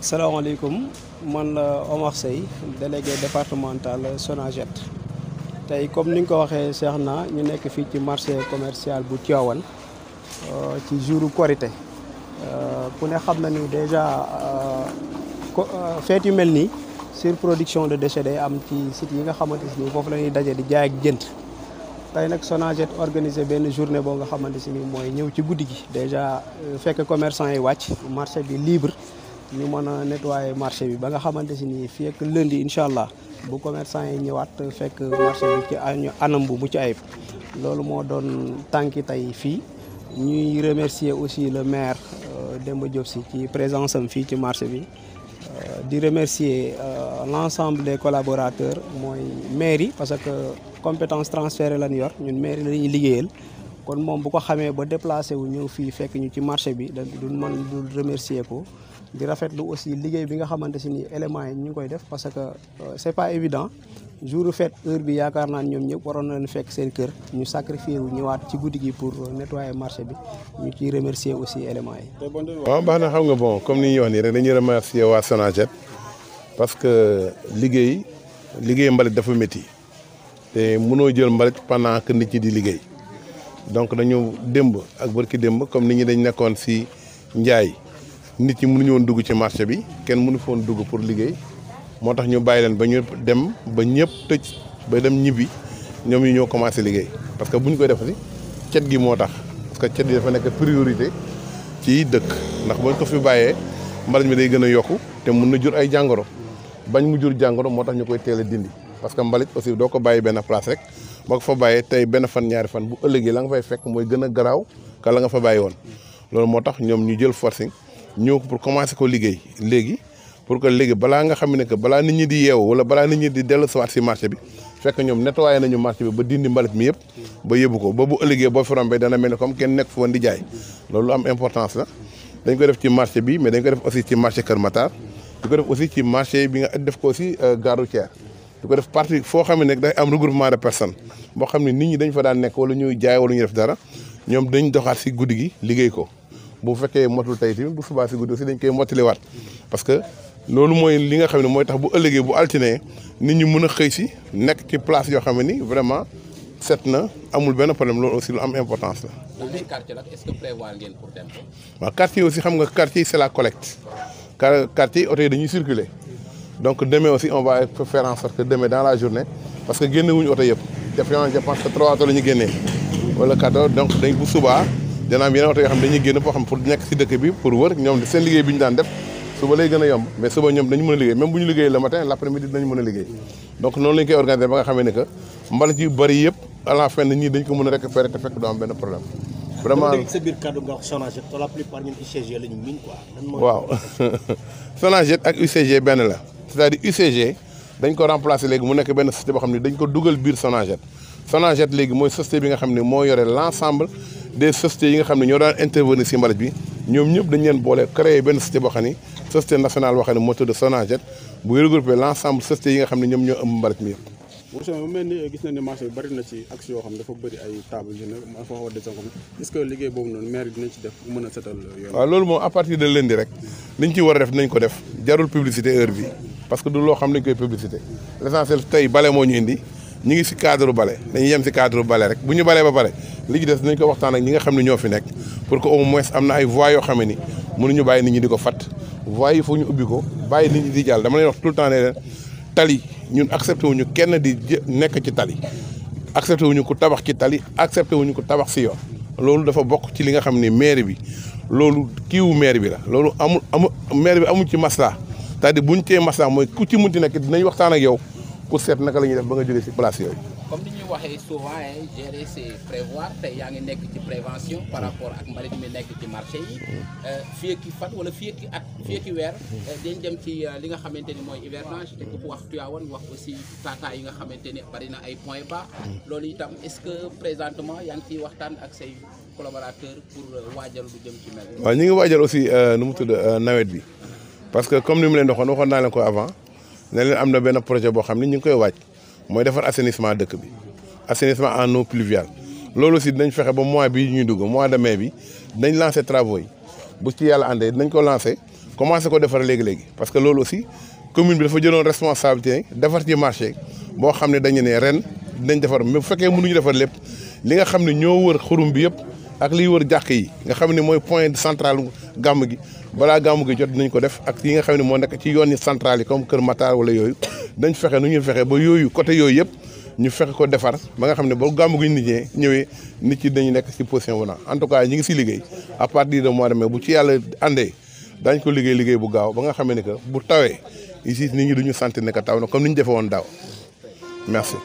salaamaaleykum man la Omar Seye délégué départemental tey comme ni nga ko waxee Cheikh na ñu nekk fii ci marché commercial bu Tivaouane euh, ci jouru Korité euh, ku ne xam na ni déjà euh, feet yu mel nii surproduction de déchets day am ci site yi nga xamante ni foofu lañuy ñuy daje di jaay ak jënd tey nag Sonaged organisé benn journée boo nga xamante ni mooy ñëw ci guddi gi déjà fekk commerçant yi wàcc marché bi libre ñu mën a nettoyer marché bi ba nga xamante si nii fii ak lundi incha allah bu commerçant yi ñëwaat fekk marché bi ci anam bu mucc ayib loolu moo doon tànki tey fii ñuy remercier aussi le maire euh, Demba Diop Sy ci présence am fii ci marché bi euh, di remercier euh, l'ensemble de collaborateur mooy mairie parce que compétence transférée lañ yor ñun mairie la ñuy liggéeyal kon moom bu ko xamee ba déplacé wu ñëw fii fekk ñu ci marché bi da du man dul remercier ko di rafetlu aussi liggéey bi nga xamante si ni éléments yi ñu ngi koy def parce que euh, c'est pas évident jour fête heure bi yaakaar naa ñoom ñëpp waroon na leen fekk seen kër ñu sacrifié wu ñëwaat ci guddi gi pour nettoyer marché bi ñu ciy remercier aussi éléments yi. waaw baax na xam comme ni ñu wax nii dañuy remercier waa Sonaged parce que liggéey liggéey mbalit dafa métti te mënoo jël mbalit pendant que nit ñi di liggéey. donc dañu démb ak barki démb comme nit ñi dañ nekkoon si njaay nit ñi mënuñu woon dugg ci marché bi kenn mënu foon dugg pour liggéey moo tax ñu bàyyi leen ba ñu dem ba ñëpp tëj ba dem ñibbi ñoom yi ñoo commencé liggéey parce que bu ñu koy defati cet gi moo tax parce que cet gi dafa nekk priorité ci dëkk ndax bañ ko fi bàyyee mbalaj mi day gën a yokku te mun na jur ay jàngoro bañ mu jur jàngoro moo tax ñu koy teel dindi parce que mbalit aussi doo ko bàyyi benn place rek boo ko fa bàyyee tey benn fan ñaari fan bu ëllëgee la nga fay fekk mooy gën a garaaw ka la nga fa bàyyi woon loolu moo tax ñoom ñu jël forcing ñëw ko pour commencer ko liggéey léegi pour que léegi balaa nga xam ne que balaa nit ñi di yeewu balaa nit ñi di dellu si marché bi fekk ñoom nettoyé nañu marché bi ba dindi mbalit mi yëpp ba yóbbu ko ba bu ëllëgee boo fi rombee dana mel ni comme kenn nekk fa woon di jaay loolu am importance la dañ ko def ci marché bi mais dañ koy def aussi ci marché Kër Matar di ko def aussi ci marché bi nga def ko aussi euh, gare routière di ko def parti foo xam ne nag day am regroupement de personnes boo xam ne nit ñi dañ fa daan nekk wala ñuy jaay wala ñu def dara ñoom dañ doxaat si guddi gi liggéey ko bu fekkee motul tey tamit bu subaa si guddi aussi dañ koy mottaliwaat parce que loolu mooy li nga xam ne mooy tax bu ëllëgee bu altine nit ñi mën a xëy si nekk ci yoo xam ne ni vraiment set na amul benn problème loolu aussi lu am importance la. quartier nag est-ce que aussi xam nga quartier c'est la collecte quartier oto yi dañuy circuler. donc demain aussi on va faire en sorte que demain dans la journée parce que génne wuñu oto yëpp def naa je trois oto la ñu génnee wala quatre donc dañ bu subaa dana am oto yoo xam dañuy génn foo xam pour nekk a yomb mais suba ñoom dañu mën a liggéey même bu ñu liggéey le matin l' après midi mën a liggéey donc noonu la koy organiser ba nga xamee ne que mbalit yu yëpp à la fin ñii ko mën a récupérer fekk du benn problème waaw Sonaged ak UCG benn la c'est-à-dire UCG dañ ko remplacer léegi mu nekk benn société boo xam ne dañ ko dugal biir Sonaged Sonaged léegi mooy société bi nga xam ne moo yore l'ensemble des sociétés yi nga xam ne ñoo daan intervenir ci mbalit bi ñoom ñëpp dañ leen boole créer benn société boo xam ne société nationale boo xam ne moo tudd Sonaged buy regrouper l'ensemble sociétés yi nga xam ne ñoom ñoo ëmb mbalit mi yëpp monsieur mu mel ni gis nañ ne marché bi bari na ci action yoo xam dafa bëri ay table yu ne fa war des comme est-ce que liggéey boobu noonu maire dinañ ci def pour mën a setal yoon waaw loolu moom à partir de lundi rek liñ ci war a def dinañ ko def jarul publicité heure bi parce que du loo xam ne dañ koy publicité l' tey bale moo ñu indi ñu ngi si cadre bale dañuy yem si cadre bale rek bu ñu balee ba pare li ci des nañ ko waxtaan ak ñi nga xam ne ñoo fi nekk pour que au am na ay voies yoo xam ne ni mënuñu bàyyi nit ñi di ko fat voies yi foo ñu ubbi bàyyi nit ñi di jàll dama lay wax tout le ne leen tali ñun accepté wuñu kenn di nekk ci tali accepté wuñu ko tabax ci tali accepté wuñu ko tabax si yoon loolu dafa bokk ci li nga xam ni maire bi loolu kiiwu maire bi la loolu amul amul maire bi amu ci masla c'est-à-dire bu ñu tee masaa mooy ku ci munti nekk dinañ waxtaan ak yow pour seet naka la ñuy def ba nga jógee si place yooyu. comme ni ñuy waxee souvent gérer c'est prévoir tey yaa ngi nekk ci prévention par rapport ak mbalit mi nekk ci marché yi euh, fii ak fan wala fii ak weer euh, dem ci euh, li nga xamante ni mooy hivernage te ku wax tuyaawoon wax aussi tata yi nga xamante ni bari na ay points bas loolu itam est-ce que présentement yaa ngi ciy waxtaan ak say collaborateurs pour waajal lu jëm ci mel. waaw ñu ngi waajal aussi nu mu tudd nawet bi. parce que comme ni mu leen waxoon waxoon naa leen ko avant ne leen am na benn projet boo xam ne ñu ngi koy waaj mooy defar assainissement dëkk bi assainissement en eau pluviale loolu aussi dinañ fexe ba mois bi ñuy dugg mois de mai bi dañ lancer travaux yi bu ci yàlla àndee dinañ ko lancer commencé ko defar léegi-léegi parce que loolu aussi commune bi dafa jëloon responsabilité defar ci marché boo xam ne dañu ne ren dinañ defar mais bu fekkee ñu defar lépp li nga xam ne ñoo wër xurum bi yëpp ak liy wër jàkk yi nga xam ne mooy point central gàmm gi balaa gàmm gi jot nañ ko def ak yi nga xam ne moo nekk ci yoon yi central yi comme Kër Matar wala yooyu dañ fexe nu ñu fexe ba yooyu côté yooyu yëpp ñu fexe ko defar ba nga xam ne ba gàmm gi nit ñee ñëwee nit ci dañu nekk si position bu na en tout cas ñi ngi si liggéey à partir de mois de mai bu ci yàlla àndee daañ ko liggéey liggéey bu gaaw ba nga xamee ne que bu tawee ici nit ñi duñu sentir ne que taw na comme ni ñu defe woon daaw merci